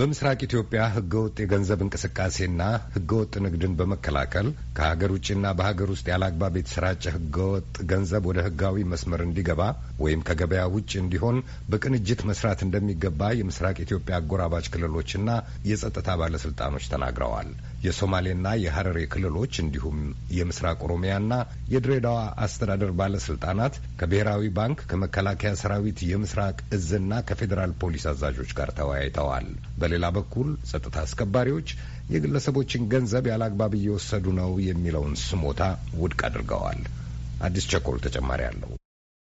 በምስራቅ ኢትዮጵያ ህገወጥ የገንዘብ እንቅስቃሴና ህገወጥ ንግድን በመከላከል ከሀገር ውጭና በሀገር ውስጥ ያለ አግባብ የተሰራጨ ህገወጥ ገንዘብ ወደ ህጋዊ መስመር እንዲገባ ወይም ከገበያ ውጭ እንዲሆን በቅንጅት መስራት እንደሚገባ የምስራቅ ኢትዮጵያ አጎራባች ክልሎችና የጸጥታ ባለስልጣኖች ተናግረዋል። የሶማሌና የሀረሬ ክልሎች እንዲሁም የምስራቅ ኦሮሚያና የድሬዳዋ አስተዳደር ባለስልጣናት ከብሔራዊ ባንክ፣ ከመከላከያ ሰራዊት የምስራቅ እዝና ከፌዴራል ፖሊስ አዛዦች ጋር ተወያይተዋል። በሌላ በኩል ጸጥታ አስከባሪዎች የግለሰቦችን ገንዘብ ያለ አግባብ እየወሰዱ ነው የሚለውን ስሞታ ውድቅ አድርገዋል። አዲስ ቸኮል ተጨማሪ አለው።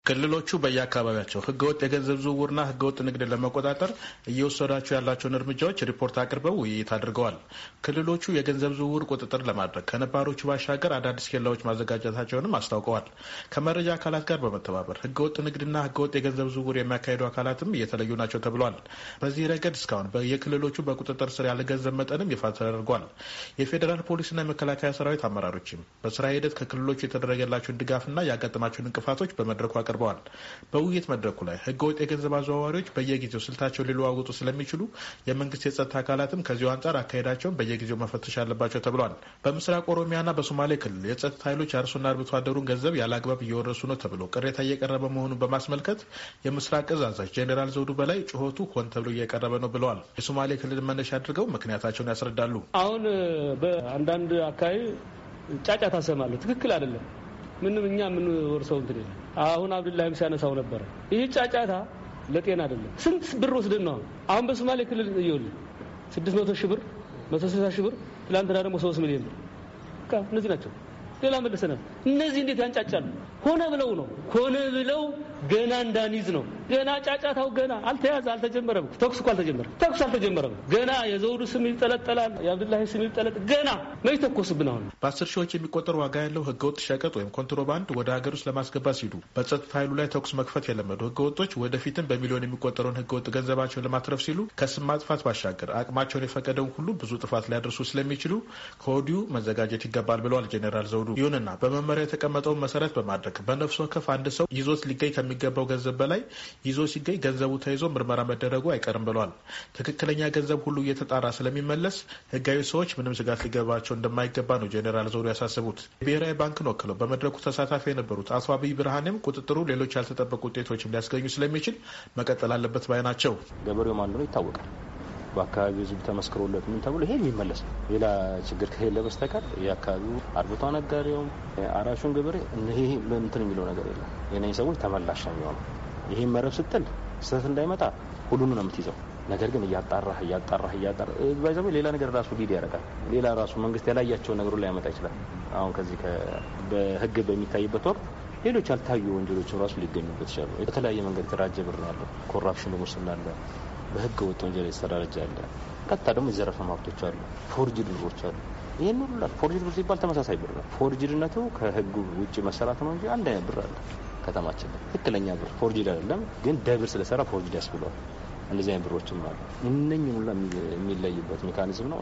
ክልሎቹ በየአካባቢያቸው ህገወጥ የገንዘብ ዝውውርና ህገወጥ ንግድ ለመቆጣጠር እየወሰዷቸው ያላቸውን እርምጃዎች ሪፖርት አቅርበው ውይይት አድርገዋል። ክልሎቹ የገንዘብ ዝውውር ቁጥጥር ለማድረግ ከነባሮቹ ባሻገር አዳዲስ ኬላዎች ማዘጋጀታቸውንም አስታውቀዋል። ከመረጃ አካላት ጋር በመተባበር ህገወጥ ንግድና ህገወጥ የገንዘብ ዝውውር የሚያካሄዱ አካላትም እየተለዩ ናቸው ተብሏል። በዚህ ረገድ እስካሁን የክልሎቹ በቁጥጥር ስር ያለ ገንዘብ መጠንም ይፋ ተደርጓል። የፌዴራል ፖሊስና የመከላከያ ሰራዊት አመራሮችም በስራ ሂደት ከክልሎቹ የተደረገላቸውን ድጋፍና ያጋጠማቸውን እንቅፋቶች በመድረኩ አቅርበዋል። በውይይት መድረኩ ላይ ህገወጥ የገንዘብ አዘዋዋሪዎች በየጊዜው ስልታቸው ሊለዋውጡ ስለሚችሉ የመንግስት የጸጥታ አካላትም ከዚሁ አንጻር አካሄዳቸውን በየጊዜው መፈተሽ አለባቸው ተብሏል። በምስራቅ ኦሮሚያና በሶማሌ ክልል የጸጥታ ኃይሎች አርሶና አርብቶ አደሩን ገንዘብ ያለ አግባብ እየወረሱ ነው ተብሎ ቅሬታ እየቀረበ መሆኑን በማስመልከት የምስራቅ እዝ አዛዥ ጄኔራል ዘውዱ በላይ ጩኸቱ ሆን ተብሎ እየቀረበ ነው ብለዋል። የሶማሌ ክልል መነሻ አድርገው ምክንያታቸውን ያስረዳሉ። አሁን በአንዳንድ አካባቢ ጫጫታ ሰማለሁ። ትክክል አይደለም። ምንም እኛ የምንወርሰው እንትን የለም። አሁን አብዱላይም ሲያነሳው ነበረ። ይህ ጫጫታ ለጤና አይደለም። ስንት ብር ወስደን ነው አሁን በሶማሌ ክልል እየወል ስድስት መቶ ሺህ ብር መቶ ስልሳ ሺህ ብር ትላንትና ደግሞ ሶስት ሚሊዮን ብር እነዚህ ናቸው። ሌላ መለሰናል። እነዚህ እንዴት ያንጫጫሉ? ሆነ ብለው ነው ሆነ ብለው ገና እንዳንይዝ ነው ገና ጫጫታው ገና አልተያዘ አልተጀመረም። ተኩስ እኮ አልተጀመረም። ተኩስ አልተጀመረም። ገና የዘውዱ ስም ይጠለጠላል፣ የአብዱላሂ ስም ይጠለጥ ገና መች ተኮስብን። አሁን በአስር ሺዎች የሚቆጠር ዋጋ ያለው ህገወጥ ሸቀጥ ወይም ኮንትሮባንድ ወደ ሀገር ውስጥ ለማስገባት ሲሉ በጸጥታ ኃይሉ ላይ ተኩስ መክፈት የለመዱ ህገወጦች ወደፊትም በሚሊዮን የሚቆጠረውን ህገወጥ ገንዘባቸውን ለማትረፍ ሲሉ ከስም ማጥፋት ባሻገር አቅማቸውን የፈቀደውን ሁሉ ብዙ ጥፋት ሊያደርሱ ስለሚችሉ ከወዲሁ መዘጋጀት ይገባል ብለዋል ጄኔራል ዘውዱ። ይሁንና በመመሪያ የተቀመጠውን መሰረት በማድረግ በነፍስ ወከፍ አንድ ሰው ይዞት ሊገኝ ከሚገባው ገንዘብ በላይ ይዞ ሲገኝ ገንዘቡ ተይዞ ምርመራ መደረጉ አይቀርም ብሏል። ትክክለኛ ገንዘብ ሁሉ እየተጣራ ስለሚመለስ ህጋዊ ሰዎች ምንም ስጋት ሊገባቸው እንደማይገባ ነው ጄኔራል ዞሩ ያሳስቡት። ብሔራዊ ባንክን ወክለው በመድረኩ ተሳታፊ የነበሩት አቶ አብይ ብርሃንም ቁጥጥሩ ሌሎች ያልተጠበቁ ውጤቶችም ሊያስገኙ ስለሚችል መቀጠል አለበት ባይ ናቸው። ገበሬው ማን ነው ይታወቃል። በአካባቢው ህዝብ ተመስክሮለት ምን ተብሎ ይሄ የሚመለስ ነው። ሌላ ችግር ከሌለ በስተቀር የአካባቢው አርብቶ ነጋዴውም አራሹን ገበሬ ይሄ እንትን የሚለው ነገር የለም። የነኝ ሰዎች ተመላሽ ነው የሚሆነው ይሄን መረብ ስትል ስህተት እንዳይመጣ ሁሉን ነው የምትይዘው። ነገር ግን እያጣራህ እያጣራህ እያጣራ ባይዘ ሌላ ነገር ራሱ ሊድ ያደርጋል። ሌላ ራሱ መንግስት ያላያቸውን ነገሩ ሊያመጣ ይችላል። አሁን ከዚህ በህግ በሚታይበት ወቅት ሌሎች ያልታዩ ወንጀሎችም ራሱ ሊገኙበት ይችላሉ። በተለያየ መንገድ የተደራጀ ብር ነው ኮራፕሽን፣ ሙስና አለ፣ በህገ ወጥ ወንጀል የተደራጀ አለ። ቀጥታ ደግሞ የዘረፈ ሀብቶች አሉ፣ ፎርጅ ድሮች አሉ። ይህን ሁሉ ፎርጅ ብር ሲባል ተመሳሳይ ብር ነው። ፎርጅድነቱ ከህግ ውጭ መሰራት ነው እንጂ አንድ አይነት ብር አለ። ከተማችን ትክክለኛ ብር ፎርጅድ አይደለም፣ ግን ደብር ስለሰራ ፎርጅድ ያስብለዋል። እንደዚህ አይነት ብሮችም አሉ። እነኝም ሁላ የሚለይበት ሜካኒዝም ነው።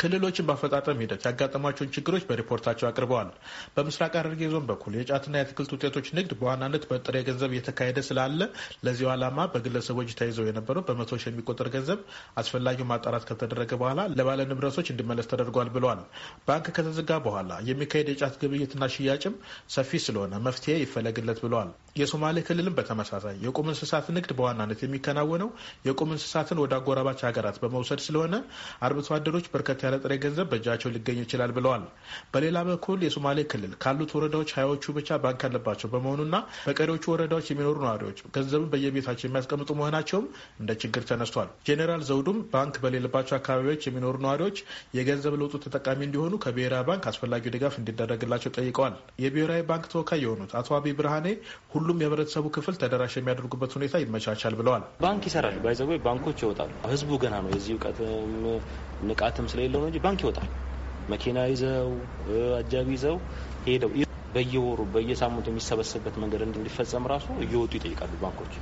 ክልሎችን በአፈጻጸም ሂደት ያጋጠሟቸውን ችግሮች በሪፖርታቸው አቅርበዋል። በምስራቅ ሐረርጌ ዞን በኩል የጫትና የአትክልት ውጤቶች ንግድ በዋናነት በጥሬ ገንዘብ እየተካሄደ ስላለ ለዚሁ ዓላማ በግለሰቦች ተይዘው የነበረው በመቶ ሺህ የሚቆጠር ገንዘብ አስፈላጊው ማጣራት ከተደረገ በኋላ ለባለ ንብረቶች እንዲመለስ ተደርጓል ብለዋል። ባንክ ከተዘጋ በኋላ የሚካሄድ የጫት ግብይትና ሽያጭም ሰፊ ስለሆነ መፍትሄ ይፈለግለት ብለዋል። የሶማሌ ክልልም በተመሳሳይ የቁም እንስሳት ንግድ በዋናነት የሚከናወነው የቁም እንስሳትን ወደ አጎራባች ሀገራት በመውሰድ ስለሆነ አርብቶ አደሮች በርከት ያለ ጥሬ ገንዘብ በእጃቸው ሊገኝ ይችላል ብለዋል። በሌላ በኩል የሶማሌ ክልል ካሉት ወረዳዎች ሀያዎቹ ብቻ ባንክ ያለባቸው በመሆኑና በቀሪዎቹ ወረዳዎች የሚኖሩ ነዋሪዎች ገንዘብን በየቤታቸው የሚያስቀምጡ መሆናቸውም እንደ ችግር ተነስቷል። ጄኔራል ዘውዱም ባንክ በሌለባቸው አካባቢዎች የሚኖሩ ነዋሪዎች የገንዘብ ለውጡ ተጠቃሚ እንዲሆኑ ከብሔራዊ ባንክ አስፈላጊው ድጋፍ እንዲደረግላቸው ጠይቀዋል። የብሔራዊ ባንክ ተወካይ የሆኑት አቶ አቢ ብርሃኔ ሁሉም የህብረተሰቡ ክፍል ተደራሽ የሚያደርጉበት ሁኔታ ይመቻቻል ብለዋል። ባንክ ይሰራል ገንዘቡ ባንኮች ይወጣሉ። ህዝቡ ገና ነው። የዚህ እውቀትም ንቃትም ስለሌለው ነው እንጂ ባንክ ይወጣል። መኪና ይዘው አጃቢ ይዘው ሄደው በየወሩ በየሳምንቱ የሚሰበሰብበት መንገድ እንዲፈጸም ራሱ እየወጡ ይጠይቃሉ ባንኮች።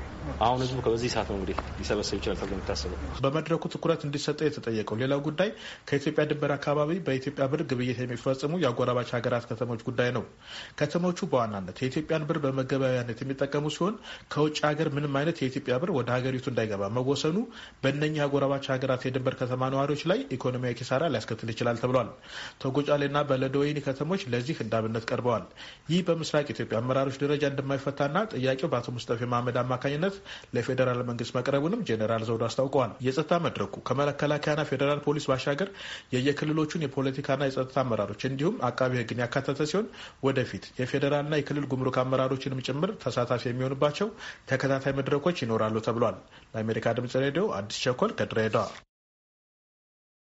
አሁን ህዝቡ ከበዚህ ሰዓት ነው እንግዲህ ሊሰበሰብ ይችላል ተብሎ የሚታሰበው። በመድረኩ ትኩረት እንዲሰጠው የተጠየቀው ሌላው ጉዳይ ከኢትዮጵያ ድንበር አካባቢ በኢትዮጵያ ብር ግብይት የሚፈጽሙ የአጎራባች ሀገራት ከተሞች ጉዳይ ነው። ከተሞቹ በዋናነት የኢትዮጵያን ብር በመገበያያነት የሚጠቀሙ ሲሆን ከውጭ ሀገር ምንም አይነት የኢትዮጵያ ብር ወደ ሀገሪቱ እንዳይገባ መወሰኑ በእነኚህ አጎራባች ሀገራት የድንበር ከተማ ነዋሪዎች ላይ ኢኮኖሚያዊ ኪሳራ ሊያስከትል ይችላል ተብሏል። ተጎጫሌና በለዶወይኒ ከተሞች ለዚህ እንዳብነት ቀርበዋል። ይህ በምስራቅ ኢትዮጵያ አመራሮች ደረጃ እንደማይፈታና ጥያቄው በአቶ ሙስጠፌ መሀመድ አማካኝነት ለፌዴራል መንግስት መቅረቡንም ጄኔራል ዘውዱ አስታውቀዋል። የጸጥታ መድረኩ ከመከላከያና ፌዴራል ፖሊስ ባሻገር የየክልሎቹን የፖለቲካና የጸጥታ አመራሮች እንዲሁም አቃቢ ህግን ያካተተ ሲሆን ወደፊት የፌዴራልና የክልል ጉምሩክ አመራሮችንም ጭምር ተሳታፊ የሚሆንባቸው ተከታታይ መድረኮች ይኖራሉ ተብሏል። ለአሜሪካ ድምጽ ሬዲዮ አዲስ ቸኮል ከድሬዳዋ